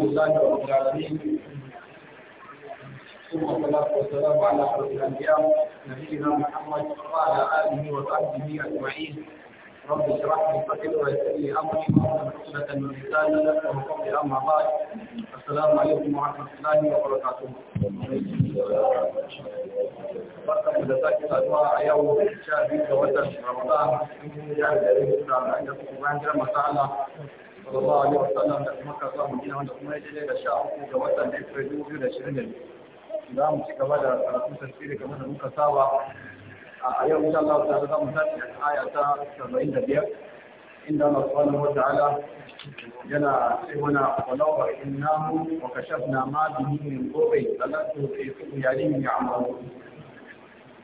لله رب العالمين ثم الصلاة والسلام على أشرف الأنبياء نبينا محمد وعلى آله وصحبه أجمعين رب اشرح لي صدري ويسر لي أمري وأحلل عقدة من لساني يفقهوا قولي أما بعد السلام عليكم ورحمة الله وبركاته barkan da sake saduwa a yau sha biyu ga watan Ramadan ya da rage da ake kuma jiran masala sallallahu alaihi wasallam da kuma kasuwa madina wanda kuma ya je da sha uku ga watan da ya fi dubu biyu da ashirin da biyu za mu ci gaba da karatun tafsiri kamar da muka saba a yau insha Allah ta za mu tashi a aya ta 75 inda Allah subhanahu wata'ala yana ce mana walau ba innahu wa kashafna ma bihi min qurbi salatu fi subyani ya'malu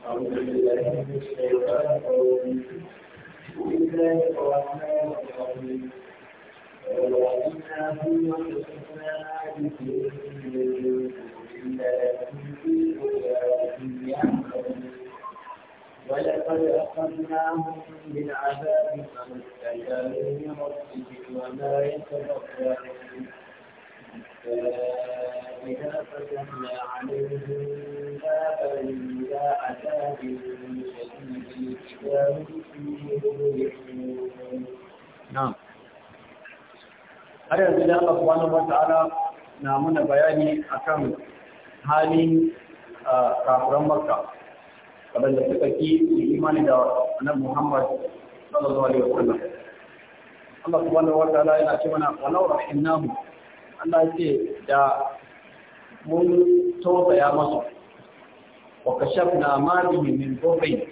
أعوذ بالله من الشيطان الرجيم بسم الله الرحمن الرحيم ولقد أخذناهم بالعذاب فما استجابوا لربهم وما يتضرعون إذا فتحنا عليهم بابا ذا عذاب شديد إذا هم فيه نعم har yanzu da Allah subhanahu wata'ala na muna bayani a kan halin maka, Makka da suka ki imani da Annabi Muhammad sallallahu alaihi wasallam Allah subhanahu wata'ala yana ce mana walau rahimnahu Allah ya ce da mun ya masu wa kashafna ma bihi min dhurri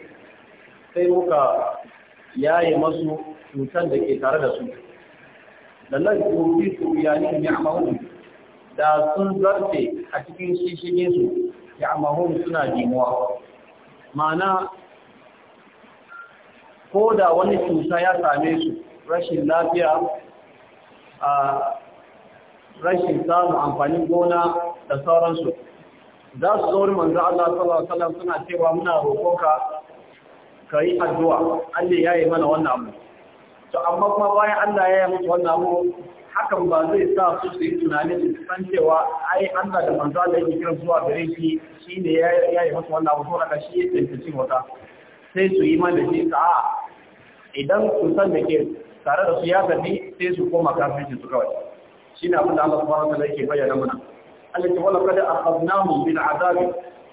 sai muka yaye masu cutar da ke tare da su lallai ko bi su yani ne amahun da sun zarte a cikin shishige su ya amahun suna jimuwa Mana ko da wani cuta ya same su rashin lafiya a rashin samun amfanin gona da sauransu za su zauri manzo Allah sallallahu alaihi wasallam suna cewa muna roƙonka kai addu'a Allah yi mana wannan abu to amma kuma bayan Allah ya yi mutu wannan abu hakan ba zai sa su su yi tunanin su san cewa ai Allah da manzo Allah yake kiran zuwa gare shi shine ya ya yi musu wannan abu to haka shi ya tantance wata sai su yi mana shi ka idan su san da ke tare da su ya gani sai su koma kafirci su kawai shine abin da Allah subhanahu wa ta'ala yake bayyana mana Allah ta wala kada akhadnahum bil azab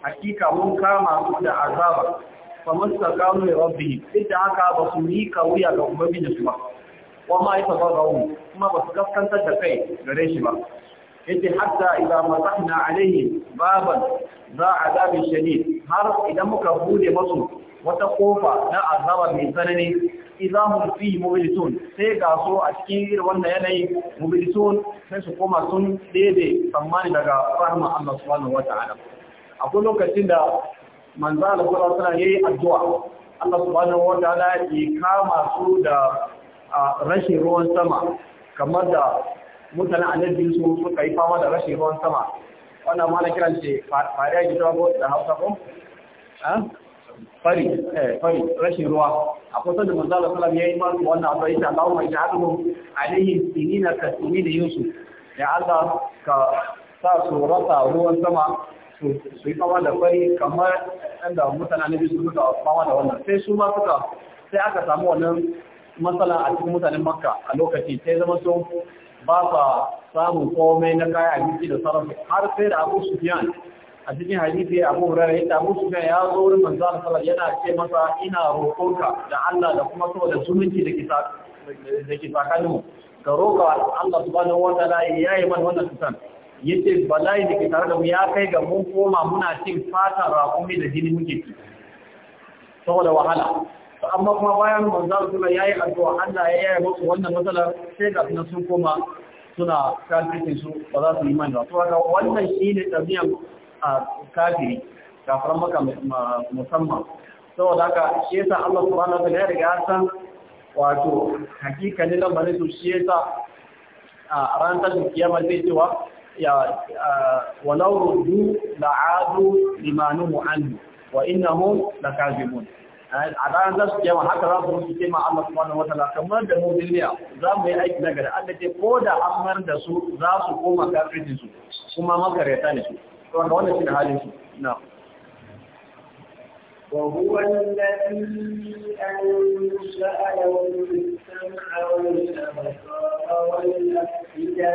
hakika mun kama su da azaba famasta kamun rabbi duk da haka ba su yi kawuya ga ubangiji su ba wa ma yi tabar rahu kuma ba su kaskantar da kai gare shi ba yadda hatta idan masahna alaihi baban za a zabi shani har idan muka bude masu wata kofa na azaba mai tsanani idan mu fi mobilitun sai ga so a cikin irin wannan yanayi mobilitun sai su koma sun daidai tsammani daga rahama Allah subhanahu wata'ala akwai lokacin da manzo Allah sallallahu alaihi wasallam yayi addu'a Allah subhanahu wataala ya kama su da rashin ruwan sama kamar da mutanen annabi su suka yi fama da rashin ruwan sama wannan ma na kiran shi fariya ki ta da Hausa ko fari eh fari rashin ruwa A kula da manzo Allah sallallahu alaihi wasallam yayi wannan addu'a insha Allah mai ja'alu alaihi sinina ka sinina yusuf ya Allah ka sa su rasa ruwan sama su yi kama da kwai kamar yadda mutane na bisu suka kama da wannan sai su ma suka sai aka samu wannan matsala a cikin mutanen makka a lokaci sai zama sun ba sa samun komai na kaya biki da sarrafa har sai da abu sufiyan a cikin hadisi ya abu rara yadda abu sufiyan ya zo wurin manzo Allah yana ce masa ina roƙonka da Allah da kuma saboda da zumunci da kisa kanu ka roƙa Allah subhanahu wa ta'ala ya yi mana wannan tutan yace bala'i da ke tare da mu ya kai ga mun koma muna cin fatan rakumi da jini muke ci saboda wahala To amma kuma bayan manzar suna ya yi addu'a Allah ya yi musu wannan matsalar sai ga suna sun koma suna kafirin su ba za su yi mani ba. haka wannan shi ne ɗabi'an a kafiri, kafiran maka musamman. Saboda haka shi yasa Allah wa ta'ala ya riga ya san wato ne lamarin su shi yasa a ran ta kiyama zai cewa ya walau ruddu la'adu limanu anhu wa innahu lakazibun a ranar za su jama haka za su su kema Allah subhanahu wa ta'ala kamar da mu duniya za mu yi aiki nagari Allah ce ko da an mar da su za su koma kafircin su kuma makareta ne su to wanda wannan shi halin su na وهو الذي أنشأ لكم السمع والأبصار والأفئدة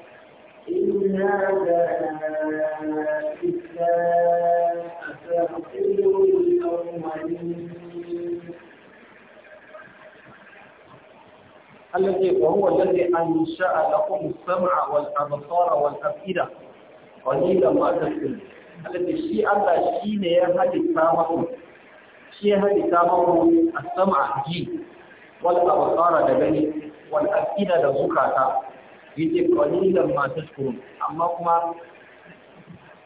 إن هذا إلا أساطير الأولين الذي وهو الذي أنشأ لكم السمع والأبصار والأفئدة قليلا ما تشكرون الذي شيء الله شيء يهدي السامع شيء يهدي السامع السمع جي والأبصار دبني والأفئدة دزكاتا yake da masu shukuru amma kuma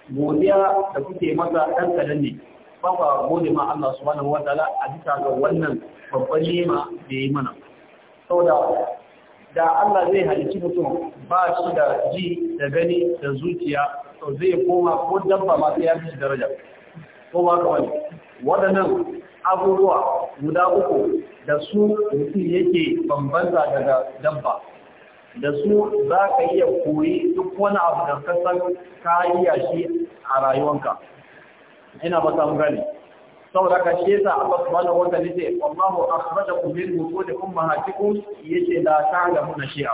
godiya da kuke masa ɗan kadan ne ba ka gode ma Allah subhanahu wa ta'ala a bisa ga wannan babban nema da yi mana saboda da Allah zai halici mutum ba shi da ji da gani da zuciya to zai koma ko dabba ma sai ya shi daraja ko ba ka wani waɗannan abubuwa guda uku da su mutum yake bambanta daga dabba da su za ka iya koyi duk wani abu da kasar kariya shi a rayuwanka ina ba samun gani saboda ka shi yasa Allah subhanahu wa ta'ala yace wallahu Ya ce da ta yace la shi a.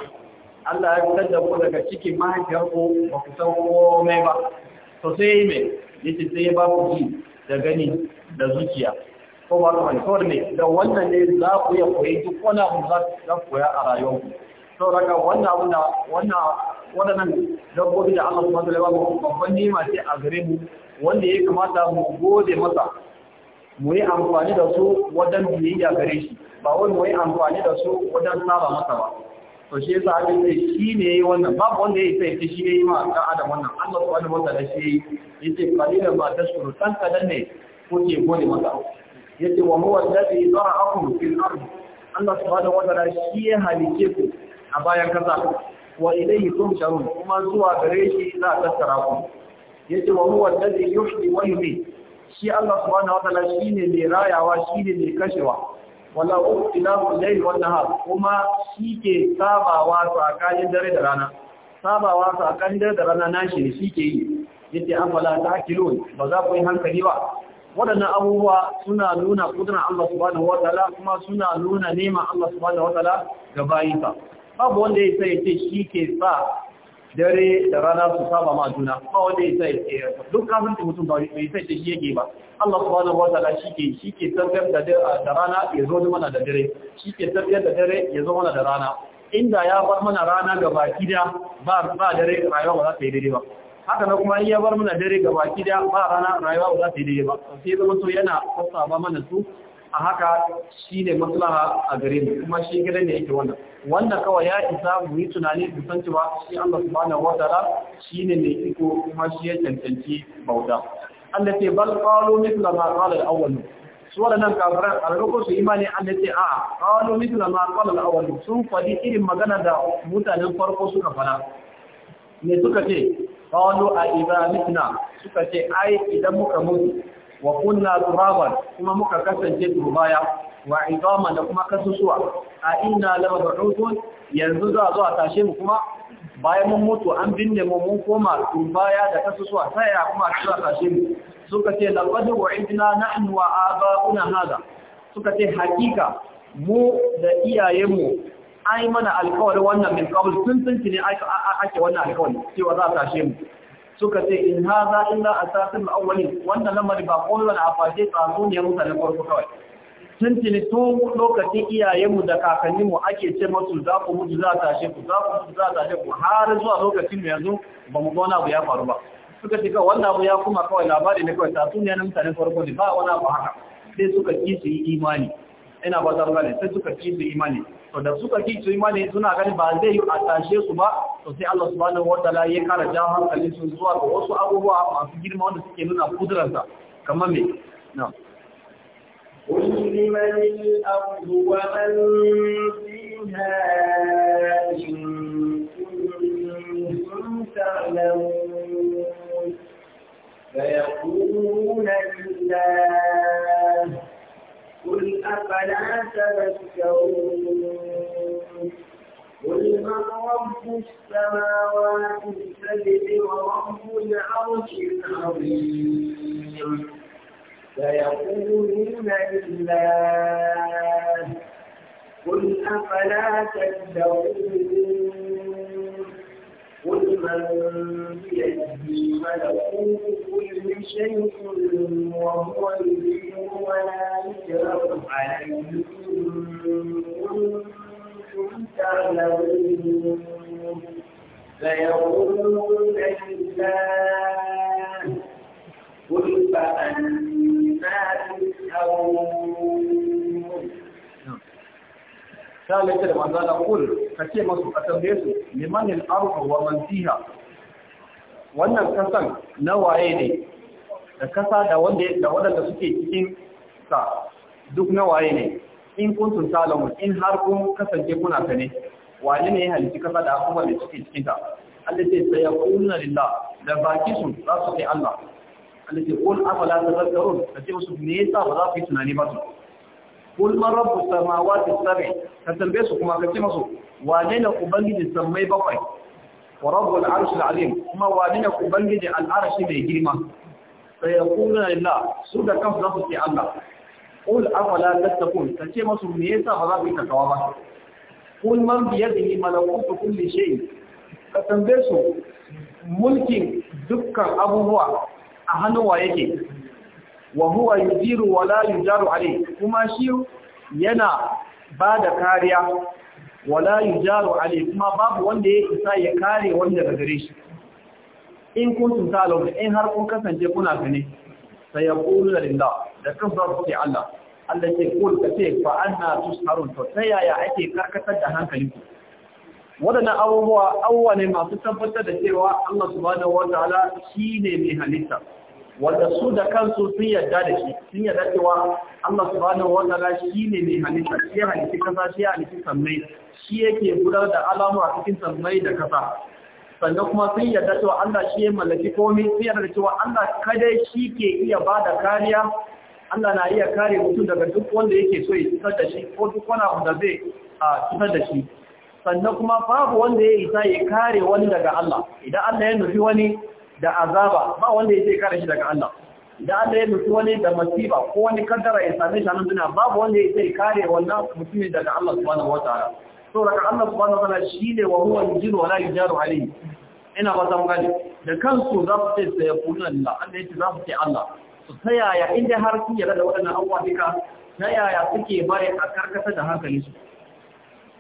Allah ya fitar da ku daga cikin mahaifiyarku ba ku san komai ba to sai ya ce sai ba ku ji da gani da zuciya ko ba ku ne da wannan ne za ku iya koyi duk wani abu za ku koya a rayuwarku sauraka wannan abu da wannan dabbobi da Allah subhanahu wa ta'ala babban nima ce a gare mu wanda ya kamata mu gode masa mu yi amfani da su wajen biyayya gare shi ba wani mu yi amfani da su wajen saba masa ba to shi yasa abin da shi ne yayi wannan babu wanda ya sai shi yayi ma ta adam wannan Allah subhanahu wa ta'ala shi yayi yace qalilan ma tashkuru san kadan ne kuke gode masa yace wa huwa alladhi zara'akum fil ardh Allah subhanahu wa ta'ala shi ya halice ku a bayan kasa wa ilayhi tumsharun kuma zuwa gare shi za a tattara ku yace wa huwa alladhi yuhyi wa yumiit shi Allah subhanahu shi shine mai rayawa shine mai kashewa wala ukhtilafu layl wa nahar kuma shi ke sabawa tsakanin dare da rana sabawa tsakanin dare da rana nashi ne shi ke yi yace afala ta'qilun ba za ku yi hankali ba waɗannan abubuwa suna nuna kudurin Allah subhanahu ta'ala kuma suna nuna neman Allah subhanahu wataala ga bayinsa babu wanda ya sai ce shi ke sa dare da rana su saba ma juna ba wanda ya sai ce duk kafin da mutum bai sai ce shi yake ba Allah subhanahu wa ta'ala shi ke shi ke tafiyar da da rana ya zo mana da dare shi ke tafiyar da dare ya zo mana da rana inda ya bar mana rana ga baki da ba ba dare rayuwa ba za ta yi daidai ba haka na kuma ya bar mana dare ga baki da ba rana rayuwa ba za ta yi daidai ba sai zama to yana sassa mana su a haka shi ne maslaha a gare mu kuma shi gare ne yake wannan wannan kawai ya isa mu yi tunani mu san cewa shi Allah subhanahu wataala shi ne mai iko kuma shi ya cancanci bauta Allah ce bal qalu mithla ma qala al-awwal su wadannan a alroko su imani Allah ce a qalu mithla ma qala al-awwal sun fadi irin magana da mutanen farko suka fara ne suka ce qalu a idza mitna suka ce ai idan muka mutu wa kunna turaban kuma muka kasance turbaya wa idama da kuma kasusuwa a inna la yanzu za zuwa tashe mu kuma bayan mun mutu an binne mu mun koma turbaya da kasusuwa sai ya kuma zuwa tashe mu suka ce laqad wa'idna nahnu wa aba'una hada suka ce hakika mu da iyayenmu ai mana alƙawarin wannan min qabl tun tun ne ake wannan alƙawari cewa za a tashe mu suka ce in haza illa asasin awwalin wannan lamari ba kullun a fashe tsaro ne musa na farko kawai tuni tun lokacin iyayenmu da kakanninmu ake ce masu za ku mutu za tashe ku za ku mutu za tashe ku har zuwa lokacin yanzu ba mu gona wani abu ya faru ba suka ce kawai wannan abu ya kuma kawai labari ne kawai tatsuniya na mutane farko ne ba wani abu haka sai suka ki su yi imani ina ba ta gane sai suka ki su imani to da suka ki su imani suna gani ba zai yi a tashe su ba to sai Allah subhanahu ta'ala ya kara jan hankalin su zuwa ga wasu abubuwa masu girma wanda suke nuna kuduransa kamar me na قل فيقولون لله أفلا تذكرون قل من رب السماوات السبع ورب العرش العظيم سيقولون لله قل أفلا تذكرون قل من بيده ملكوت كل شيء وهو يجيب ولا يجرأ عليه كنتم تعلمون فيقولون لله قل فأنا تسألون ta laita da manzo kul ka ce masu ƙasar tambaye su liman al wa man wannan kasan na waye ne da kasa da wadanda suke cikin sa duk na waye ne in kuntum talamun in har kun kasance kuna ne wani ne ya halitta kasa da kuma da suke cikin ta Allah ce sai ya da baki sun za su kai Allah Allah ce kul afala ta kace musu me yasa ba za su yi tunani ba su kul man rabbus samawati sab'i ka tambaye su kuma kace musu wane ne ubangiji sammai bakwai wa rabbul arshil azim kuma wane ne ubangiji al'arshi mai girma sai ya kuna lillah su da kansu za su ce Allah kul afala tattaqun kace musu me yasa ba za ku yi kawa ba kul man biyadihi malakutu kulli shay ka tambaye su mulkin dukkan abubuwa a hannun wa yake wa huwa yujiru wa la yujaru alayhi kuma shi yana ba da kariya wa la yujaru alayhi kuma babu wanda ya isa ya kare wanda daga gare shi in kuntum ta'lamun in har kun kasance kuna gane sai ya qulu lillah da kan za ku Allah Allah ce kul ka ce fa anna tusharun to ta yaya ake karkatar da hankalinku waɗannan abubuwa awwa ne masu tabbatar da cewa Allah subhanahu shi shine mai halitta wanda su da kansu sun yarda da shi sun yarda cewa Allah subhanahu wataala shine mai halitta shi ya halitta kasa shi ya halitta sammai shi yake gudanar da alamu a cikin sammai da kasa sannan kuma sun yarda cewa Allah shi ya mallaki komai sun yarda cewa Allah kadai shi ke iya ba da kariya Allah na iya kare mutum daga duk wanda yake so ya cutar da shi ko duk wani abu da zai cutar da shi sannan kuma babu wanda ya isa ya kare wani daga Allah idan Allah ya nufi wani da azaba ba wanda ya yake kare shi daga Allah da Allah ya mutu wani da masiba ko wani kaddara ya same shi nan duniya babu wanda ya yake kare wannan mutumin daga Allah subhanahu wataala to daga Allah subhanahu wataala shine wa huwa yujiru wa la yujaru alayhi ina ba zan gani da kansu za su ce sai kullu Allah Allah ce za su ce Allah su tayaya inda har sun yarda da waɗannan abubuwa duka tayaya suke bare a karkata da hankalin su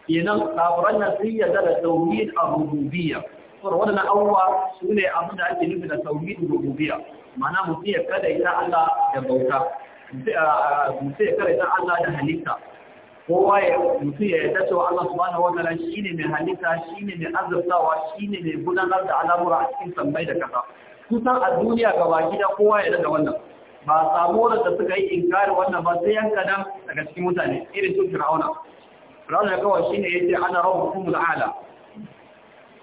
kenan kafiran nan sun yarda da tauhid ar-rububiyya sura wadannan abubuwa su ne abin da ake nufi da tauhidin rububiyya ma'ana mutum ya kada ita Allah da bauta mutum ya kada ita Allah da halitta kowa ya mutum ya yarda cewa Allah subhanahu wataala shine mai halitta shine mai azabtawa shine mai gudanar da al'amura a cikin sammai da kasa kusan a duniya gaba gida kowa ya da wannan ba samu da suka yi inkari wannan ba sai yanka dan daga cikin mutane irin su Fir'auna Fir'auna kawai shine yace ana rabbukum al'ala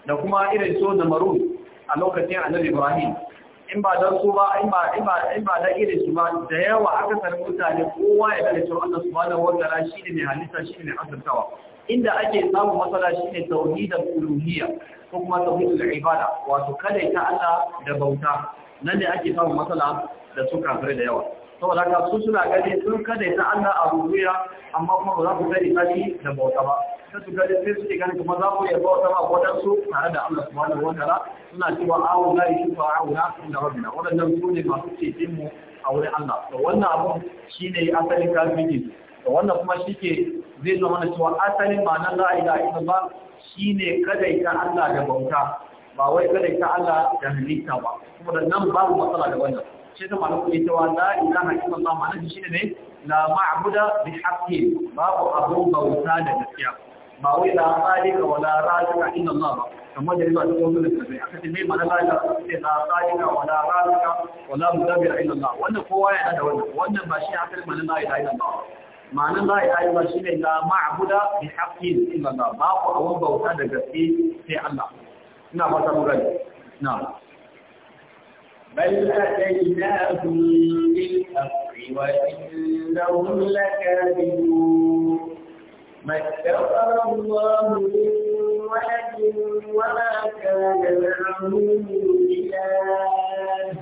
da kuma irin so da maru a lokacin annabi ibrahim in ba don su ba in ba da irin su ba da yawa aka sanin mutane kowa ya gane cewa Allah subhanahu wa mai halitta shi ne azurtawa inda ake samun matsala shine da uluhiyya ko kuma da ibada wato kada ta Allah da bauta nan ne ake samun matsala da su kafirai da yawa saboda kasu su suna gani sun kada ta Allah a rubuya amma kuma ba za ku gani ta da bauta ba sai su gani sai suke gani kuma za ku yi bauta ba wadansu tare da Allah subhanahu wa ta'ala suna cewa awu la yushfa auna inda rabbina wadannan su ne masu cetin mu a wurin Allah to wannan abu shine asalin kafiri to wannan kuma ke zai zama na cewa asalin ma'anar ba. Shi ne shine kadaita Allah da bauta ba wai kadaita Allah da halitta ba kuma da nan babu matsala da wannan shi da malaku ne cewa la ilaha illallah ma'ana shi ne la ma'buda bi haqqin babu abu bauta da gaskiya ba wai la khaliqa wa la raziqa illa ba kamar da yake cikin wannan tafsiri aka ce mai mana la la khaliqa wa la raziqa wa la mudabbira illa wannan kowa ya da wannan wannan ba shi akalin mana la ilaha illa Allah la ilaha illa shi ne la ma'buda bi haqqin illa babu abu bauta da gaskiya sai Allah ina fata mu gani na'am بل أتيناهم بالحق وإنهم لكاذبون ما اتخذ الله من ولد وما كان معه من إله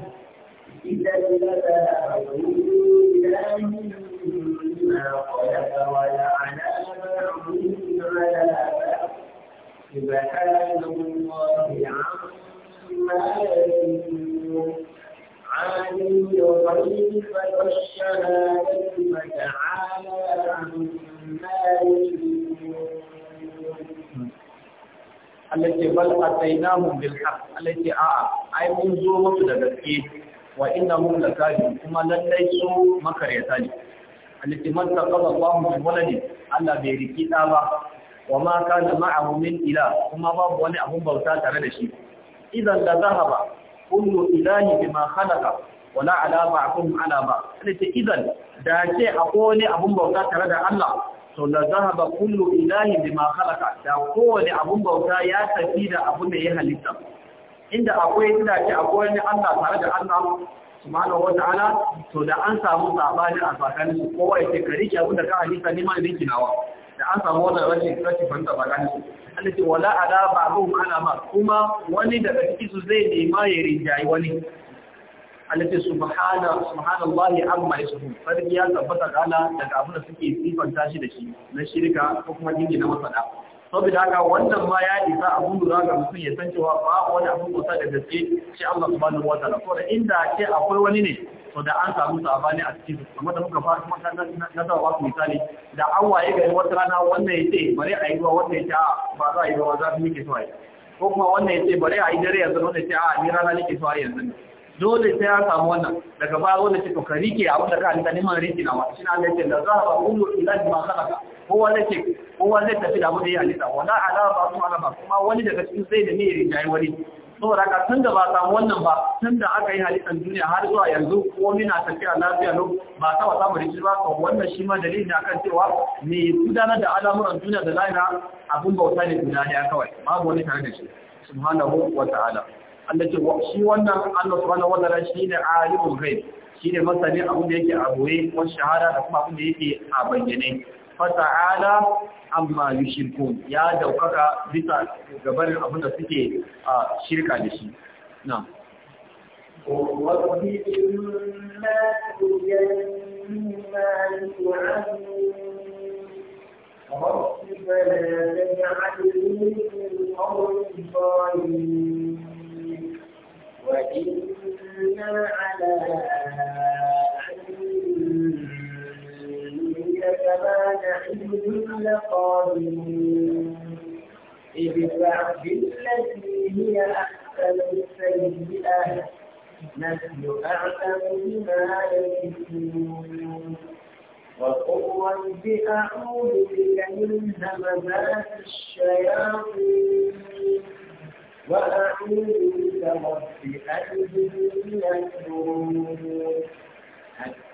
إذا لذهبوا بإله مما خلق ولعن بعضهم على بعض سبحان الله عما يصفون عالم الغيب والشهادة فتعالى عما Allah ce bal atainahum bil haqq Allah ce a'a ai mun zo musu da gaske wa innahum lakadib kuma lallai su makaryata ne Allah ce man taqaba Allahu bi waladi Allah bai riki da ba wa ma kana ma'ahu ila kuma babu wani abin bauta tare da shi idan da kullu ilahi bima khalaqa wala ala ba'dhum ala ba sai idan da ce akwai abun bauta tare da Allah to la zahaba kullu ilahi bima khalaqa da kowane abun bauta ya tafi da abun da ya halitta inda akwai inda ce akwai ne Allah tare da Allah subhanahu ta'ala, to da an samu sabani a tsakanin su kowa yake ka rike abin da ka halitta ne ma ne kinawa da an samu wannan rashin rashin fahimta ba gani su Allah ce wala ada ba ruhum ana ma kuma wani daga cikin su zai nema ya rinjayi wani Allah ce subhana subhanallahi amma yasifun sarki ya tabbata ga daga abin da suke sifanta shi da shi na shirka ko kuma jingi na masada saboda haka wannan ma ya isa abun lura ga mutum ya san cewa ba wani abun kusa da gaske shi Allah subhanahu wataala ko da inda ake akwai wani ne to da an samu sabani a cikin amma da muka fara kuma na sa ba misali da an waye gari wata rana wannan yace bare a yi ruwa wannan yace a ba za a yi ruwa za mu yake so ko kuma wannan yace bare a yi dare yanzu wannan yace a ni rana nake so yanzu dole sai ya samu wannan daga baya wannan ce to ka rike abin da ka ma rike na wa shi na Allah yace da za a ba kullu ila ma khalaqa kowa zai tafi da abin da ya halitta wala ala ba su ala kuma wani daga cikin zai da ne rinjaye wani saboda ka tun da ba samu wannan ba tun da aka yi halittar duniya har zuwa yanzu ko na tafiya lafiya lau ba ta wata mu rikici ba to wannan shi ma dalilin a kan cewa me gudanar da al'amuran duniya da lahira abin bauta ne guda ne kawai babu wani tare da shi subhanahu wa ta'ala Allah ce shi wannan Allah subhanahu wa ta'ala shi ne alimul ghaib shi ne masani abin da yake a boye ko shahara da kuma abin da yake a bayyane fata'ala amma yushirkun ya daukaka bisa gabar abin da suke a shirka da shi na وإنا على كما نحن لقادمون ادفع بالتي هي احسن السيئه نحن اعلم بما يكسبون وقل رب اعوذ بك من همزات الشياطين واعوذ بك رب ان يكفرون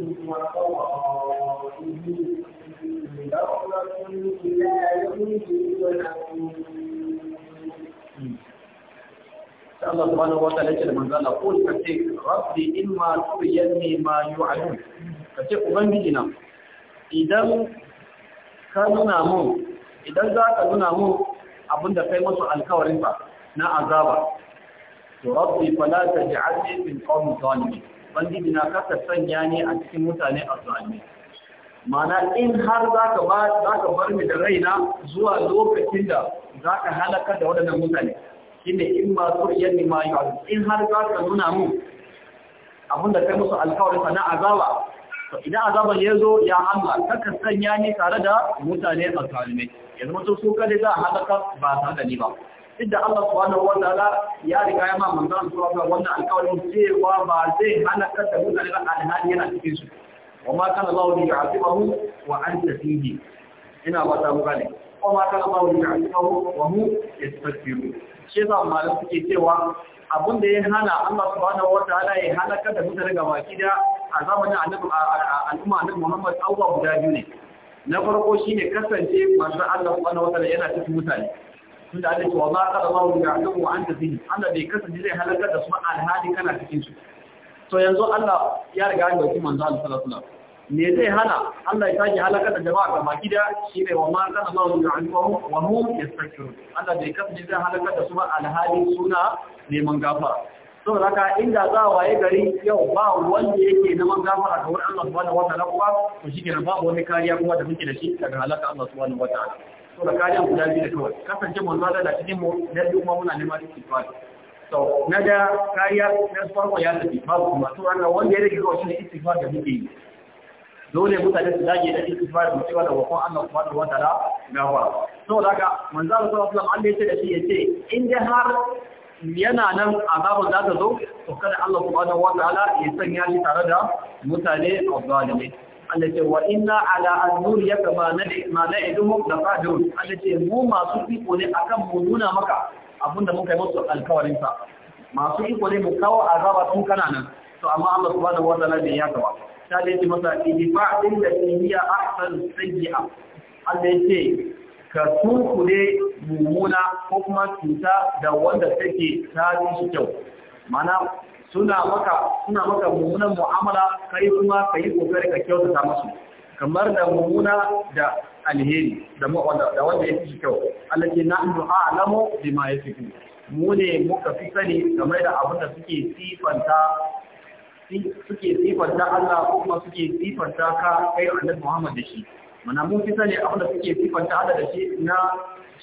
Allah subhanahu wa ta'ala yake da manzo Allah ko ka ce rabbi imma tuyanni ma yu'adun ka ce ubangiji na idan ka nuna mu idan za ka nuna mu abinda kai musu alkawarin ba na azaba to rabbi fala taj'alni min qawmi zalimin bangiji na kasa sanya ne a cikin mutane a zuwa mana in har za ka bar ni da raina zuwa lokacin da za ka halakar da waɗannan mutane shi ne in su yanni nima yi in har za ka nuna mu da kai musu alkawarinsa na azaba idan azaban ya zo ya Allah kakan sanya ne tare da mutane a kalmai yanzu mutum su kada za a halaka ba tare da ni ba duk da Allah subhanahu wa ta'ala ya riga ya ma manzon Allah wannan alƙawarin cewa ba zai hana ka da mutane ba alhali yana cikin su wa ma kana Allah li yu'azibahu wa anta fihi ina ba ta mugane wa ma kana Allah li yu'azibahu wa hum yastaghfiru shi za malam suke cewa abun da ya hana Allah subhanahu wa ta'ala ya hana ka da mutane gaba ki da a zamanin annabi al'umma annabi Muhammad awwa guda biyu ne na farko shine kasance manzon Allah subhanahu wa ta'ala yana cikin mutane tun da Allah wa ma qad Allahu ya'lamu wa anta fihi Allah bai kasance zai halaka da su alhali kana cikin su to yanzu Allah ya riga ya dauki manzo Allah sallallahu alaihi me zai hana Allah ya sake halaka da jama'a ga baki da shi ne wa ma qad Allahu ya'lamu wa hum yastakbirun Allah bai kasance zai halaka da su alhali suna neman gafara so raka inda za waye gari yau ba wanda yake neman gafara ga wurin Allah subhanahu wa ta'ala kuma to shi ke babu wani kariya kuma da muke da shi daga halaka Allah subhanahu wa ta'ala so da a guda biyu da kawai kasance manzo Allah kuma muna neman so na da kariya na farko ya tafi babu kuma rage kawai shi istighfar da muke dole mutane dage da istighfar da cewa da wakon Allah subhanahu wa ta'ala so daga manzo Allah sallallahu alaihi wasallam ya ce da shi yace in da har yana nan azabar da ta zo to kada Allah subhanahu wa ta'ala ya sanya shi tare da mutane zalimai Allah ce wa inna ala an nuriyaka ma na'iduhum laqadirun Allah ce mu masu iko ne akan mu nuna maka abinda muka yi musu alkawarin sa masu iko ne mu kawo azaba tun kana nan to amma Allah subhanahu wa ta'ala bai yaka ba ta da ce masa idfa din da hiya ahsan sayyi'a Allah ce ka tunkure mummuna ko kuma cuta da wanda take tafi shi kyau mana suna maka suna maka mummunan mu'amala kai kuma kai kokari ka kyautata musu kamar da mummuna da alheri da da wanda ya fi kyau allati na'nu a'lamu bima yasifun mu ne muka fi sani game da abin da suke sifanta suke sifanta Allah ko kuma suke sifanta ka kai annabi Muhammad da shi mana mun fi sani abin da suke sifanta Allah da shi na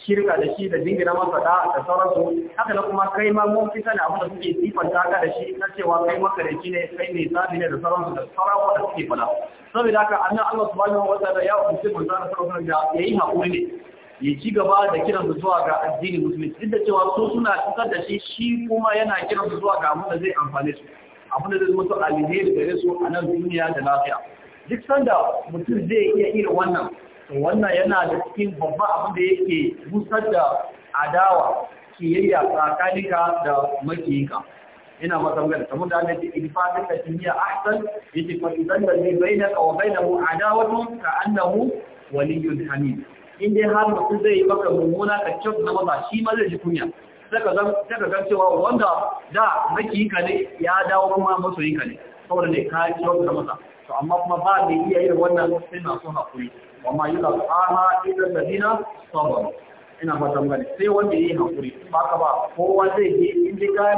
shirka da shi da jingina masa da da sauransu haka na kuma kai ma mun fi sani abin da suke sifanta ka da shi na cewa kai maka da shi ne kai ne zabi ne da sauransu da sauransu da suke fada saboda haka annan Allah subhanahu wa ta'ala ya umarci manzo Allah sauransu da ya da yayi hakuri ne ya ci gaba da kiran su zuwa ga addinin musulunci. duk da cewa su suna tsakar da shi shi kuma yana kiran su zuwa ga abin da zai amfane su abin da zai zama alheri gare su a nan duniya da lafiya duk sanda mutum zai iya irin wannan wannan yana da cikin babba abu da yake busar da adawa kiyayya tsakaninka da makiyinka ina matsangar kamar da annabi ilfatin da kimiyya ahsan yace fa idan da ni bainaka wa bainahu adawatun ka annahu waliyyun hamid in dai har mutu zai maka mummuna ka cewa na maza shi ma zai ji kunya saka zan saka cewa wanda da makiyinka ne ya dawo kuma masoyinka ne saboda ne ka cewa na maza to amma kuma ba mai iya yin wannan sai masu hakuri wa ma yi lafaha da ladina sabar ina fata gani sai wanda yi hakuri ba ka ba kowa zai yi inji dai ga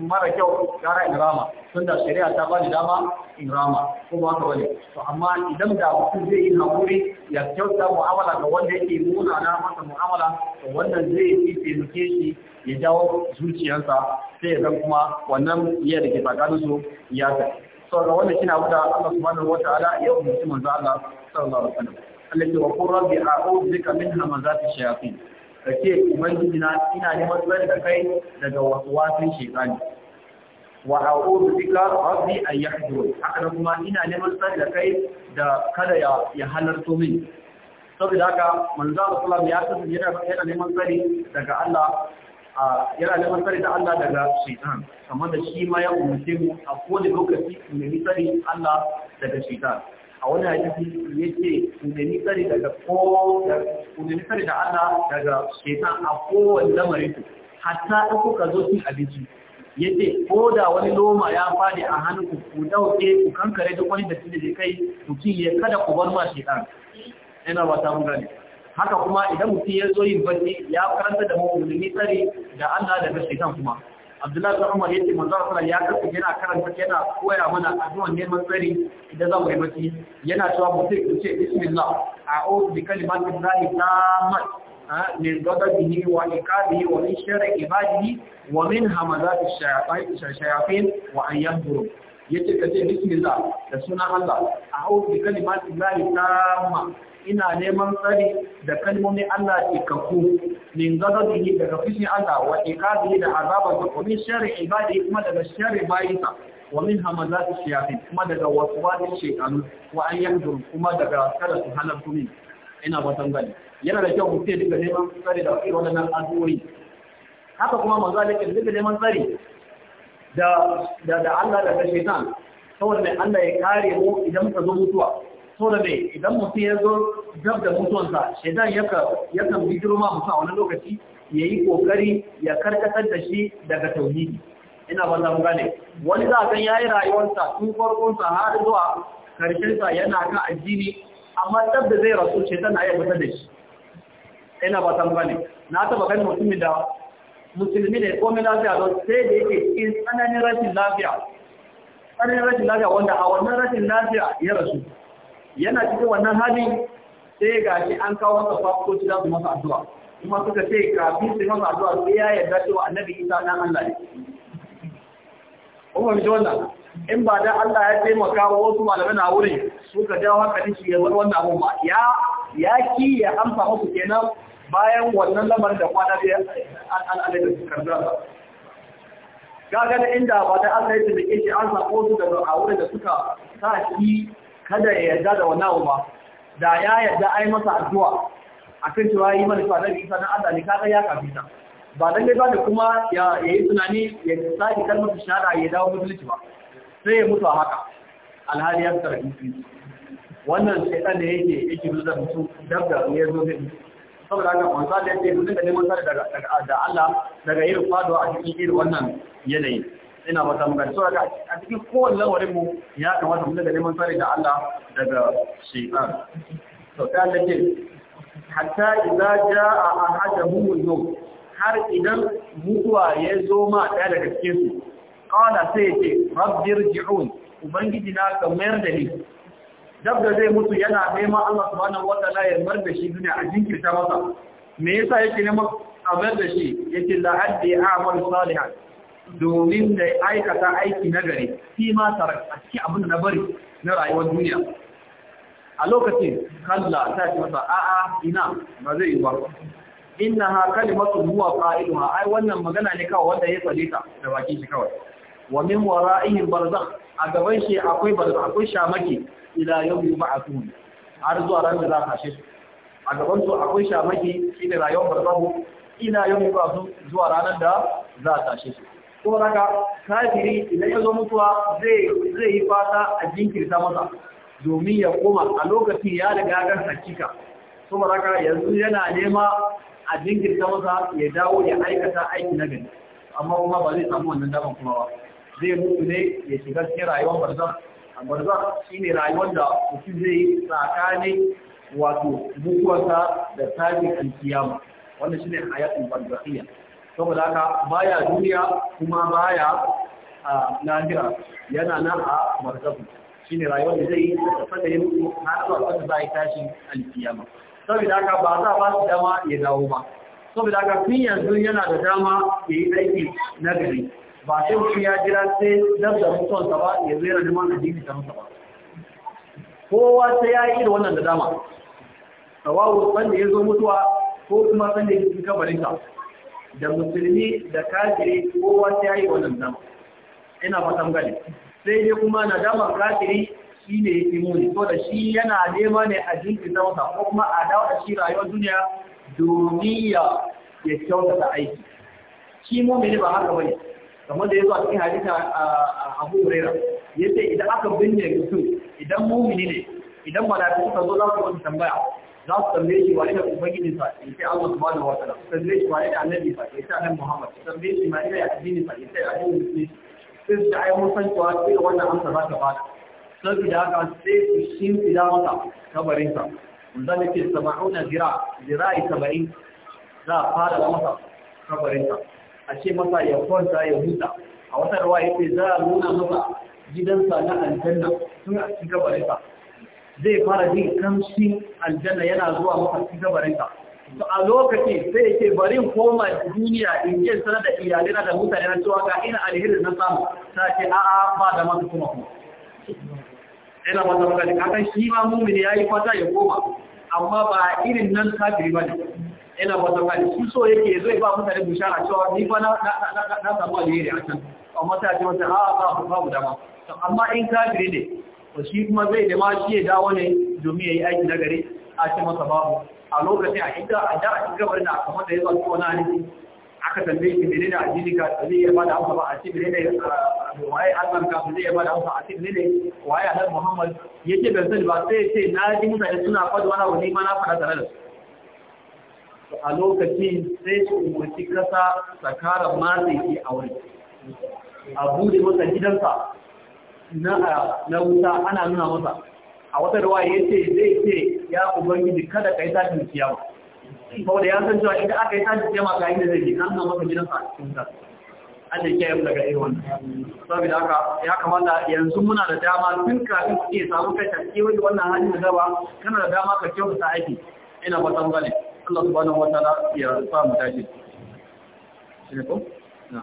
mara kyau gara in rama tunda shari'a ta bani dama in rama ko ba ka bane to amma idan da mutum zai yi hakuri ya kyauta mu'amala ga wanda yake muna na masa mu'amala to wannan zai yi taimake shi ya jawo zuciyarsa sai ya zan kuma wannan ya da ke ya tafi saboda wanda shi na wuta Allah subhanahu wa ta'ala yau ya umarci manzo Allah sallallahu alaihi wasallam Allah ya ce wa qur rabbi a'udhu bika min hamazati shayatin kace ubangiji na ina neman tsari da kai daga waswasin shaytani wa a'udhu bika rabbi an yahdurun haka kuma ina neman tsari da kai da kada ya ya halarto min saboda haka manzo Allah ya kasance yana neman tsari daga Allah yana neman tsari da Allah daga shaitan kamar da shi ma ya umarci mu a kowane lokaci ku nemi tsari Allah daga shaitan a wani hadisi yace ku nemi tsari daga tsari da Allah daga shaitan a kowane lamarin ku hatta in kuka zo cin abinci yace ko da wani loma ya fadi a hannunku ku dauke ku kankare duk wani datti da kai ku ya kada ku bar ma shaitan ina ba ta haka kuma idan mutum ya zo yin bacci ya karanta da mu'mini tsari da Allah da shaitan kuma Abdullahi bin Umar yace manzo Allah ya kasu yana karanta yana koya mana addu'an neman tsari idan za mu yi bacci yana cewa mutum ya ce bismillah a'udhu bi kalimati llahi tammat min ghadabihi wa iqabihi wa min sharri ibadihi wa min hamazati shayatin wa an yahduru yace ce bismillah da sunan Allah a'udhu bi kalimati llahi tammat ina neman tsari da kalmomin Allah ikakku min yi daga fushin Allah wa iqabihi da azabar da min sharri ibadi kuma daga sharri bayinsa wa min hamazati shayatin kuma daga waswasin shekaru, wa an yanzu, kuma daga kada su halartu min ina batan gani yana da kyau mutum duka neman tsari da irin wannan addu'o'i haka kuma manzo Allah ke duka neman tsari da da Allah da shaytan saboda Allah ya kare mu idan muka zo mutuwa so da mai idan mutum ya zo gab da mutuwansa shaidan yakan bijiro ma mutum a wani lokaci ya yi kokari ya karkatar da shi daga tauhidi ina ba zan gane wani za a kan yayi rayuwarsa tun farkonsa har zuwa karshensa yana ka addini amma tab da zai rasu shaidan na ya fita da shi ina ba zan gane na taba kan mutumin da musulmi ne komai lafiya don sai da yake cikin tsananin rashin lafiya tsananin rashin lafiya wanda a wannan rashin lafiya ya rasu yana cikin wannan hali sai ga shi an kawo masa fafoci za su masa addu'a kuma suka ce kafin su masa addu'a sai ya yarda cewa annabi isa dan Allah ne kuma ji wannan in ba dan Allah ya taimaka wasu malamai na wurin suka jawo hankali shi ya bar wannan abun ba ya ya ki ya amsa musu kenan bayan wannan lamarin da kwana biya an alaƙa su karɓar gaga da inda ba da Allah ya taimake shi an sako su daga a wurin da suka sa shi kada ya yarda da wannan abu ba da ya yarda ai masa addu'a akan cewa yi mana dan isa na Allah ne kai ya ta ba dan dai ba da kuma ya yi tunani ya saki kalmar shahada ya dawo musulunci ba sai ya mutu a haka alhali ya tsara musulunci wannan shaitan ne yake yake nuna mutum dab da ya zo ne saboda haka wanda da yake nuna da neman sare daga daga Allah daga irin fadawa a cikin irin wannan yanayi ina fata mun gani so a cikin kowane lamarin mu ya kamata mu daga neman tsari da Allah daga shaytan So ta Allah ce hatta idza jaa ahaduhum al-maut har idan mutuwa ya zo ma ɗaya daga cikin su qala sai ce rabbir ji'un ubangiji na ka mayar da ni dab da zai mutu yana nema Allah subhanahu wataala ya mar da shi duniya a jinkirta masa me yasa yake nema a mayar da shi yake la'addi a'mal salihan domin da aikata aiki na gari fi ma tarak a cikin abin da na bari na rayuwar duniya a lokacin kalla ta ce masa a'a ina ba zai yi ba inna ha kalimatu huwa ha ai wannan magana ne kawai wanda ya fade ta da baki shi kawai wa min wara'ihim barzakh a gaban shi akwai barzakh akwai shamaki ila a ba'athun har zuwa ran da za ka shi a gaban su akwai shamaki shine rayuwar barzakh ila yawmi ba'athun zuwa ranar da za ta shi ko haka kafiri idan ya zo mutuwa zai yi fata a jinkirta masa domin ya koma a lokacin ya daga gan hakika kuma yanzu yana nema a jinkirta masa ya dawo ya aikata aiki na gani amma kuma ba zai samu wannan daman kuma ba zai mutu ne ya shiga cikin rayuwar barza a barza shine rayuwar da mutum zai yi tsakanin wato mutuwarsa da tashin kiyama wannan shine hayatul barzakhiya saboda haka baya duniya kuma baya a lahira yana nan a marzabu shine rayuwar da zai fada yin mutu har zuwa wata za a yi tashin alkiyama saboda haka ba za ba su dama ya dawo ba saboda haka tun yanzu yana da dama ya yi aiki na gari ba sai mutum ya jira sai dab da mutuwansa ba ya zo yana ma addini ta mutuwa kowa sai ya yi da wannan da dama sawawu ya zo mutuwa ko kuma sanda ya kabarinsa da musulmi da kafiri kowa ya yi wannan zama ina fatan gani sai dai kuma Nadaman kafiri shi ne ya fi muni to da shi yana nema ne a jinki zama ko kuma a dawo shi rayuwar duniya domin ya ya kyautata aiki shi mumini ba haka bane kamar da ya zo a cikin hadisa a Abu Hurairah yace idan aka binne mutum idan mumini ne idan malaiku suka zo za su wani tambaya za su tambaye shi wane da ubangiji sa ya sai Allah subhanahu wa ta'ala tambaye shi wane da annabi sa ya sai annabi Muhammad tambaye shi wane da addini sa ya sai addini musulmi sai su ai mun san cewa sai wannan amsa za ta bada da haka sai su shin fida masa kabarin sa manzon yake sama'una zira Zira ya saba'in za a fara masa kabarin sa a ce masa ya kwanta ya huta a wata ruwa ya ce za a nuna masa gidansa na aljanna tun a cikin kabarin sa zai fara jin kamshi aljanna yana zuwa mafarki gabarinka to a lokaci sai yake bari koma duniya in je sanar da iyalai na da mutane na cewa ga ina alheri na samu ta ce a'a ba da masu kuma kuma ina wata magana kakan shi ma mumin ya yi fata ya koma amma ba irin nan kafiri ba ne ina wata magana shi so yake zai ba mutane bushara cewa ni fa na samu alheri a can amma ta ce a a'a ba ku dama amma in kafiri ne to shi kuma zai da ma shi ya dawo ne domin ya yi aiki na gari a ce masa babu a lokacin a inda a da a cikin gabar da kamar da ya zo wani hadisi aka tambaye shi a addini ka zai iya da amsa ba a ce menene waye Allah ka zai iya da amsa a ce menene waye Allah Muhammad ya ce ban sani ba sai ce na ji mutane suna faɗi wani abu ne ma na faɗa tare da su a lokacin sai su umarci kasa sakarar matsayi a wani a da masa gidansa na wuta ana nuna masa a wata ruwa ya ce zai ce ya ubangiji kada ka yi tashin ciyawa saboda ya san cewa idan aka yi tashin ciyawa ka yi da zai an nuna masa gidansa a cikin ta an da kiyaye daga irin wannan saboda haka ya kamata yanzu muna da dama tun kafin ku iya samu kai tafiye wani wannan hali da gaba kana da dama ka ta aiki ina ta gane Allah subhanahu wa ta'ala ya sa mu tashi shi ne ko na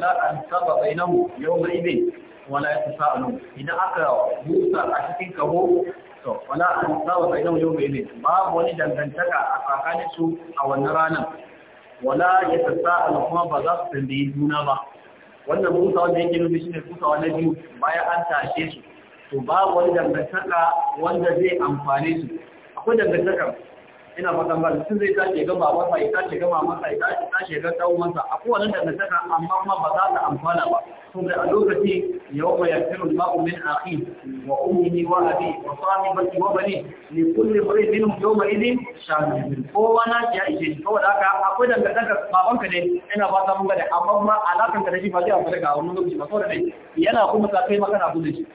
fala an saba bainahu yawma idin wala yatasaalun idan aka busa a cikin kaho to wala an saba bainahu yawma idin babu wani dangantaka a tsakanin su a wannan ranar wala yatasaalun kuma ba za su tambayi juna ba wannan busa wanda yake nufi shine busa na biyu bayan an tashe su to babu wani dangantaka wanda zai amfane su akwai dangantaka ina fatan ba sun zai tashi ga babansa ya tashi ga mamansa ya tashi ga tsawonsa a kowane dangantaka amma kuma ba za ta amfana ba to da a lokaci yau ma ya firin ba'u min aki wa ummihi wa abi wa sahibati wa bani ni kulli bari min yau ma idin shamil ko na ya ishe ko da ka akwai dangantaka babanka ne ina fatan mun da amma ma alakan ka da shi ba zai amfana ga wannan lokaci ba da ne yana kuma ka kai magana gudu shi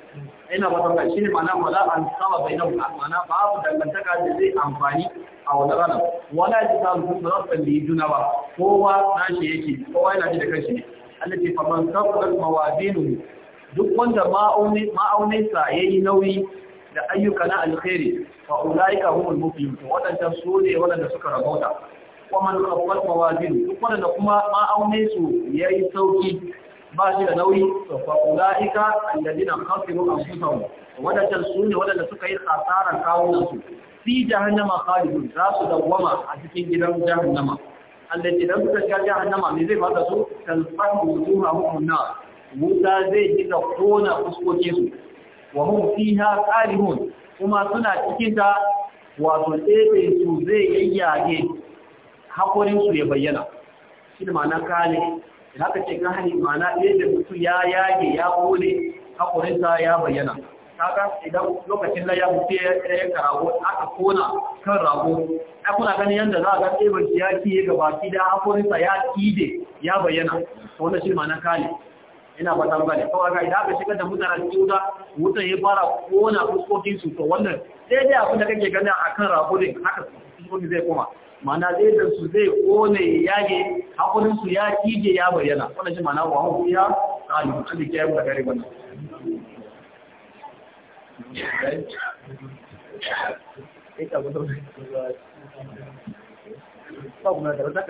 ina fatan ba shi ne ma'ana ba za a saba bai nan ma'ana babu dangantaka da zai amfani a wani rana wala ya ji samun ba za su tsalle juna ba kowa nashi yake kowa yana ji da kashi. ne Allah ce fa man sakulat mawazinu duk wanda ma'auni ya yi nauyi da ayyuka na alkhairi fa ulaika humul muflihun wadanda su ne wadanda suka rabauta wa man khaffat mawazinu duk wanda kuma ma'auni ya yi sauki ba shi da nauyi to fa ulaika alladina khasiru anfusahum wadanda su ne wadanda suka yi hasaran kawunan su fi jahannama khalidun za su dawwama a cikin gidan jahannama allati ce dan suka ga jahannama ne zai fada su talfahu wujuhahum hunna wuta zai ji da kona fuskoki su wa hum fiha qalihun kuma suna cikin ta wato tsebe su zai yayyage hakorin su ya bayyana shi da ma'ana kale haka ce kale ma'ana yadda mutum ya yage ya kone hakorin sa ya bayyana kaga idan lokacin da ya mutu ya yanka rago aka kona kan rago ai kuna gani yanda za a ga tsibir ya kiye ga baki da hakorinsa ya kide ya bayyana to wannan shi ma na kale ina ba tan bane kawai ga idan aka shiga da mutane cikin wuta wutan ya fara kona fuskokin su to wannan sai dai abin da kake gani akan rago ne haka fuskokin zai koma mana zai su zai kone ya ge hakorinsu ya kide ya bayyana wannan shi ma na wa ya kalu an da kiyaye da gari wannan Oh, my God.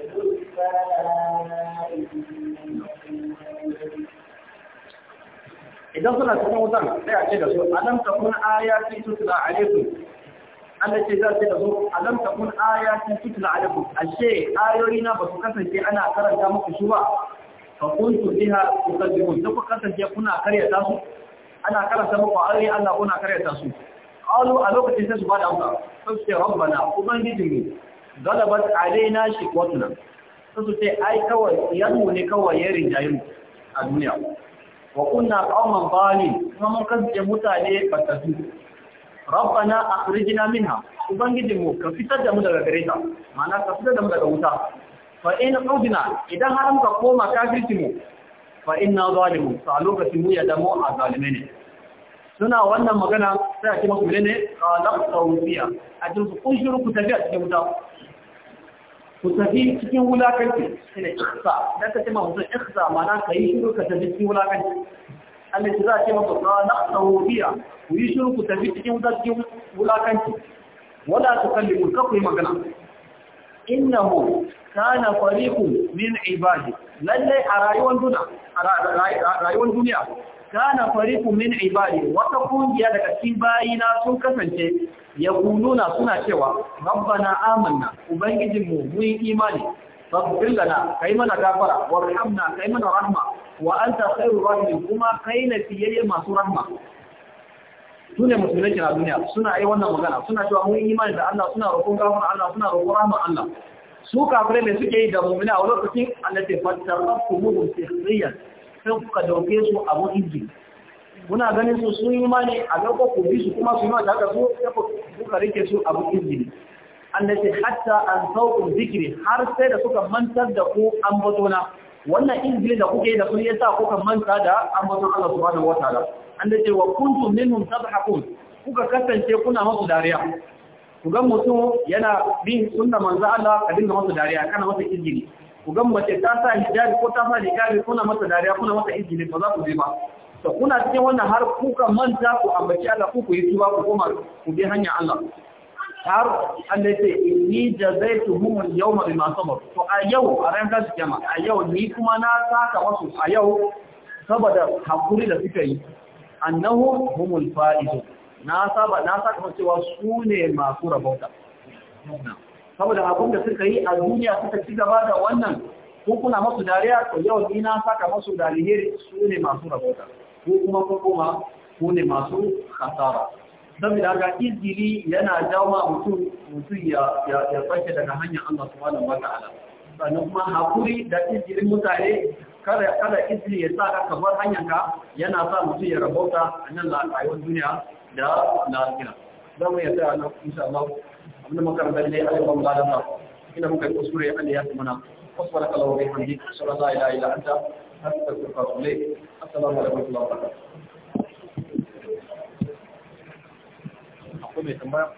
idan suna cikin wutan sai a ce da su alam fi ayati a alaikum Allah ce za ce da su alam takun ayati tutla a ashe ayoyi na ba su kasance ana karanta muku su ba su kuntu biha tukadzibun da ku kasance kuna karyata su ana karanta muku ayoyi Allah kuna karyata su qalu a lokacin sai su ba da amsa sai su ce galabar alai galabat shi shiqwatuna su su ce ai kawai yanmu ne kawai ya rinjaye mu a duniya wa kunna qauman zalim kuma mun kasance mutane batatu rabbana akhrijna minha ubangiji mu ka fitar da mu daga gare ta ma'ana ka fitar da mu daga wuta fa in udna idan har muka koma kafirci mu fa inna zalimun sa lokacin mu ya damu a zalime ne suna wannan magana sai a ce masu ne ne qalaqtu fiya a cikin kun shiru ku a cikin wuta ku tafi cikin wulakanci shine ihsa dan ka ce ma mutum ihsa ma'ana ka yi shiru ka tafi cikin wulakanci Allah ya ce maka ka na tawbiya ku yi shiru ku tafi cikin wulakanci wala tukallimu ka ku yi magana innahu kana fariqun min ibadi lalle a rayuwar duniya kana fariqu min ibadi wata kungiya daga cikin na sun kasance ya yaquluna suna cewa rabbana amanna ubangijinmu mu yi imani faghfir lana kai mana gafara rahmana kai mana rahma wa anta khairur rahimin kuma kai na fiye masu rahma su ne musulmai a duniya suna yi wannan magana suna cewa yi imani da Allah suna roƙon gafara Allah suna roƙon rahma Allah su kafirai ne suke yi da mu'mina a lokacin allati fattarqu muhum sihriyan sai kuka dauke su abun muna ganin su sun yi mani a gaba ku bi su kuma su yi mata haka su kuka rike su abun izini allati hatta an sauku zikiri har sai da suka mantar da ku ambatona wannan izini da kuke da sun yasa kuka manta da ambaton Allah subhanahu wataala allati wa kuntum minhum tadhakun kuka kasance kuna musu dariya ku ga mutum yana bin sunna manzo Allah ka dinga masu dariya kana musu izini ku ga mace ta sa hijabi ko ta sa hijabi kuna masa dariya kuna masa izini ba za ku je ba to kuna cikin wannan har kuka manta ku ambaci Allah ku ku yi tuba ku koma ku bi hanya Allah har Allah ni ce inni jazaituhum al-yawma bima sabaru to a yau a ran su kiyama a yau ni kuma na saka wasu a yau saboda hakuri da suka yi Annahu humul fa'idun na saba na saka cewa su ne masu rabauta saboda abin da suka yi a duniya suka ci gaba da wannan ko kuna masu dariya ko yau ni na saka masu da alheri su ne masu rabota ko kuma ko kuma ku ne masu kasara da ga izini yana jawo mutum mutum ya ya daga hanyar Allah subhanahu ta'ala sannan kuma hakuri da izgilin mutane kada kada izgili ya sa ka bar hanyar ka yana sa mutum ya rabota a nan rayuwar duniya da lafiya ya ta Allah insha Allah abinda muka rabar dai a ba mu ladan ba inda muka yi kuskure Allah ya tsamana wasbaraka lahu a hamdi da la ilaha illa anta astaghfiruka wa atubu ilayk assalamu alaikum wa rahmatullahi wa barakatuh akwai mai tambaya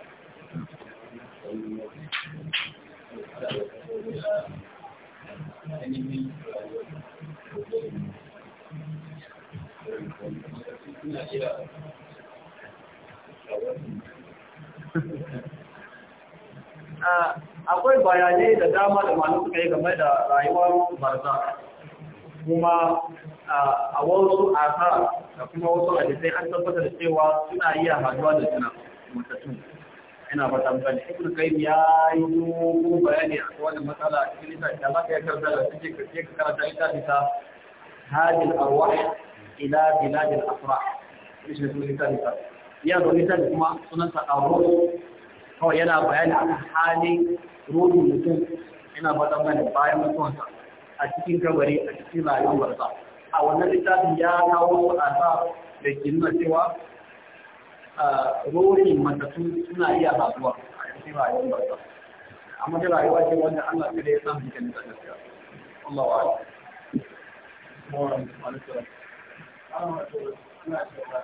Thank you. Eh, akwai bayanai da dama da malu suka yi game da rayuwar barza kuma eh, a wasu asa da kuma wasu hadisai an tabbata da cewa suna iya haduwa da suna mutattu ina ba tambani ibn kai ya yi nuku bayani a tsawon matsala a cikin ita da zaka yi karanta da suke kace ka karanta ita ta hadil arwah ila bilad afra ishe su lisa littafi ya zo littafi kuma sunanta sa arwah kawai yana bayani a halin ruhin mutum yana bazan mana bayan mutuwansa a cikin kabari a cikin rayuwarsa a wannan littafin ya kawo wadata da ke nuna cewa ruhin matattu suna iya haɗuwa a cikin rayuwarsa amma da rayuwa ce wanda Allah ta da ya samu cikin da gaskiya Allah wa Allah wa Allah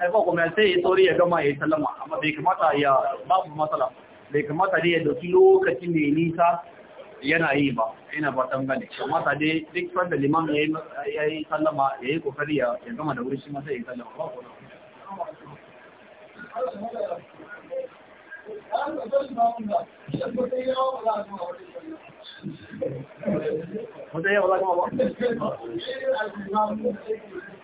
aiko kuma sai ya tsori ya gama ya yi sallama amma bai kamata ya babu matsala bai kamata ne ya dauki lokaci mai nisa yana yi ba ina ba tan gane kamata dai duk wanda liman ya yi sallama ya yi kokari ya gama da wuri shi masa ya yi sallama ba ko Wata yawa za kuma ba?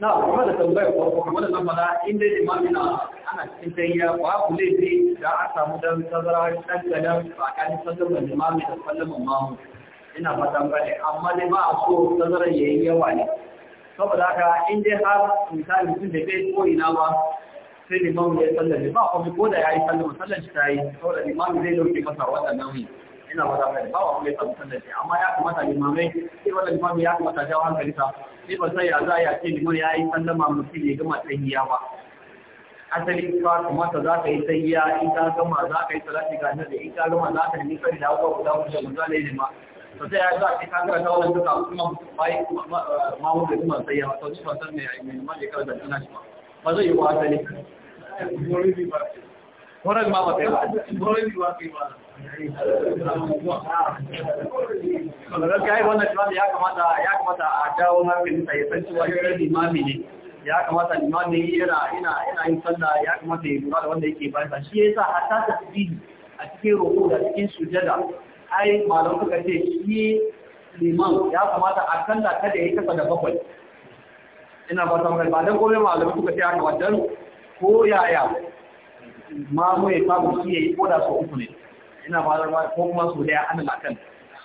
na kuma da tambayar farko kuma da zama inda da mamina ana cikin tanya ba ku laifi da a samu dan tazara dan kadan tsakanin sallama da mami da sallama mamu ina fatan bane amma dai ba a so ya yi yawa ne saboda haka in dai har misali mutum da bai ko ina ba sai limamu ya sallame ba kuma ko da yayi sallama sallan shi tayi saboda limamu zai dauke masa wannan nauyi ina wata mai ba wa mai san da shi amma ya kamata limamai sai wanda limami ya kamata jawo hankali sa sai ba sai ya za a ce liman ya yi sallama mutum ya gama tsayiya ba asali ka kamata za ka yi tsayiya in ka gama za ka yi salati ga nan da in ka gama za ka nemi sai da haka guda guda guda ne ne ma to sai ya za ka ka gara ta wannan duka kuma bai ma mu da kuma tsayiya to ni ba san ya yi ne ma je ka da tana shi ba ba zai yi wa asali horar ma ba kai ba horar kai wannan tuwa ya kamata ya kamata a dawo harfin sai san cewa shi imami ne ya kamata imami yana yana yana yin sallah ya kamata ya lura da wanda yake bayan sa shi yasa hatta tasbihi a cikin roƙo da cikin sujada ai malam suka ce shi liman ya kamata a kalla kada ya kafa da bakwai ina ba ta ba dan komai malam suka ce haka wadan ko yaya Mamu mu ya samu shi ya ko da so uku ne ina ba da ko kuma ya daya an kan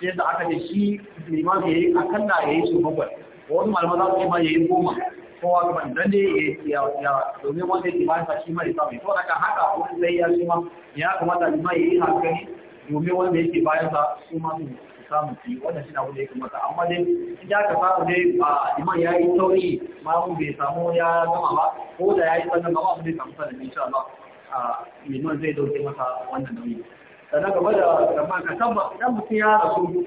sai yadda aka ce shi liman yayi akan da yayi su bakwai ko wani malama za su ce ma yayi goma kowa gaban dan dai ya ya domin wanda ke ba sa shi ma ya samu to daga haka ko sai ya shi ma ya kamata liman yayi hankali domin wanda yake bayan sa su ma su samu fi wannan shi na wanda ya kamata amma dai in ya ka samu dai a iman ya yi tauri ma mun bai samu ya gama ba ko da ya yi sannan ba mun bai samu sanin insha Allah a liman zai dauke masa wannan nauyi sannan gaba da kama ka san ba idan mutum ya rasu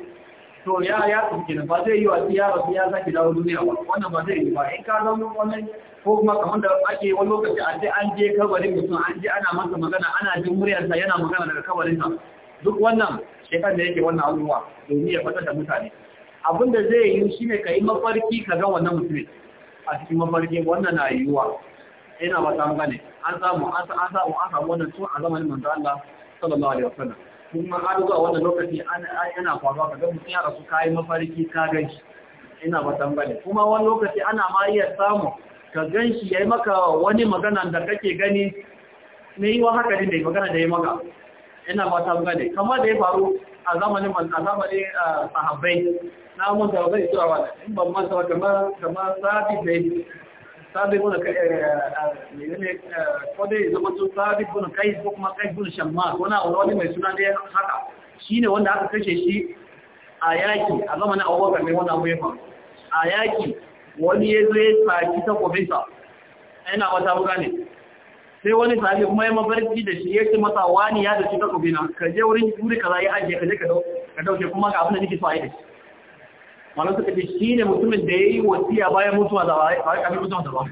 to ya ya tsuke nan ba zai yi wa ya rasu ya zaki dawo duniya ba wannan ba zai yi ba in ka zama wannan ko kuma kamar da ake wani lokaci an je an je kabarin mutum an je ana masa magana ana jin muryarsa yana magana daga kabarin nan duk wannan shekar da yake wannan abubuwa domin ya fata da mutane abin da zai yi ne ka yi mafarki ka ga wannan mutumin a cikin mafarki wannan na yiwuwa ina ba ta bane an samu an samu an samu wannan tun a zamanin manzo Allah sallallahu alaihi wasallam kuma har zuwa wannan lokaci an yana faruwa ga mutum ya rasu kai mafariki, ka ganshi ina ba ta bane kuma wani lokaci ana ma iya samu ka ganshi yayi maka wani magana da kake gani ne yi wa haka ne magana da yayi maka ina ba ta bane kamar da ya faru a zamanin a zamanin sahabbai na mun da zai tsawa ba in ban masa kamar kamar sabi bai. sabibun menene ko kai ko kuma kai bun shamma wani mai suna dai haka shine wanda aka kashe shi a yaki a zamanin abubakar ne wani abu ya faru a yaki wani ya zo ya saki ta kofisa yana wata wuka ne sai wani sahabi kuma ya mafarki da shi ya ce masa wani ya da shi ta kofina ka je wurin wuri kaza ya ajiye ka je ka dauke kuma ga abin da nake so a yi da shi malam suka ce shi ne mutumin da ya yi wasiya bayan mutuwa da ba kafin mutuwa da ba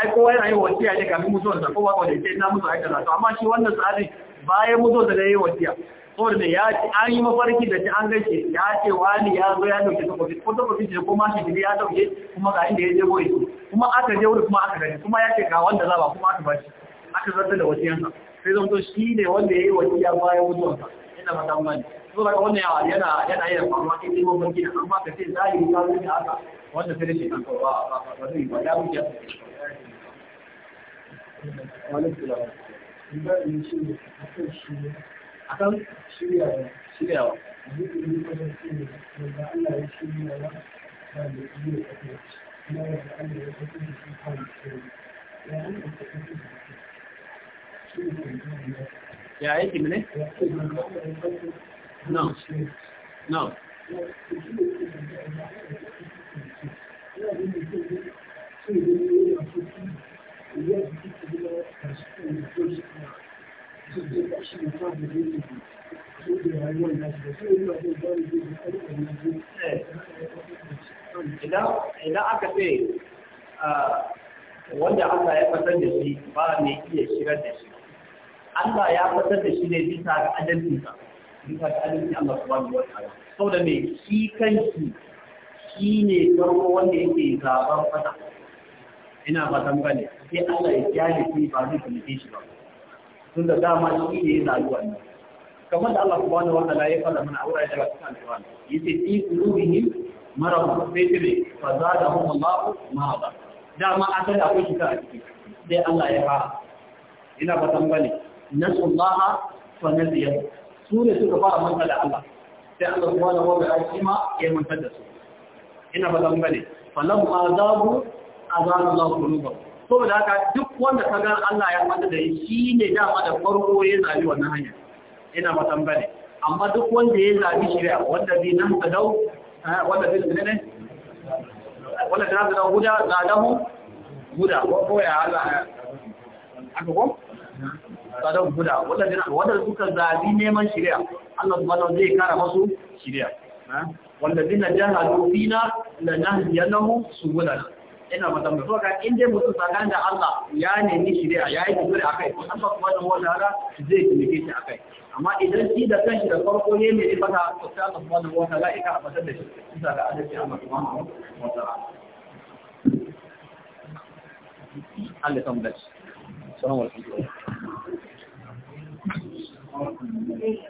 ai kowa yana yi wasiya ne kafin mutuwa da kowa kawai da ya na mutuwa aika zato amma shi wannan tsari bayan mutuwa da ya yi wasiya saboda ya ce an yi mafarki da shi an gaishe ya ce wani ya zo ya dauke kofi ko kofi ce kuma shi jini ya dauke kuma ga inda ya je goyi kuma aka je wuri kuma aka gani kuma ya ce ga wanda za ba kuma aka bashi aka zarta da wasiyansa sai zan to shi ne wanda ya yi wasiya bayan mutuwarsa na musamman so daga wannan yawa yana yana yin faruwa sai dai mun gina amma ka ce za yi ka zai haka wanda sai dai kan ba ba ba zai ba ya akan shiryawa shiryawa Thank you. ya aiki ne no no idan aka ce ah, wanda Allah ya fasar da shi ba mai iya shigar da shi Allah ya fitar da shi ne bisa ga adalcinsa bisa ga adalci Allah subhanahu wa ta'ala saboda me shi kanki shi ne farko wanda yake zaban fata ina ba ta gane sai Allah ya kyale shi ba zai kuma shi ba tun da dama shi ne ya zaɓi wannan kamar da Allah subhanahu wa ta'ala ya fara mana aure daga cikin alƙur'ani yace fi mara marad sai ce fa zadahum Allah ba. dama Da akwai shi ka a ciki sai Allah ya fara ina ba ta gane nasullaha fa nasiya su ne suka fara manta da Allah sai Allah subhanahu wa ta'ala shi ma ya manta da su ina ba zan bane falam azabu azabu Allah qulubuhum da haka duk wanda ka ga Allah ya manta da shi ne dama da farko ya zabi wannan hanya ina ba zan bane amma duk wanda ya zabi shari'a wanda bi nan ta dau wanda bi ne ne wanda da da guda da dahu guda ko ya Allah aka ko sadan guda suka zabi neman shirya Allah subhanahu zai kara masu shirya fina ina mata mai soka mutum da Allah ya nemi shirya ya yi tafiya a kai Allah subhanahu wataala zai tilike shi a amma idan shi da kanshi da farko ne mai fata to sai Allah da shi ga adalci Allah Gracias.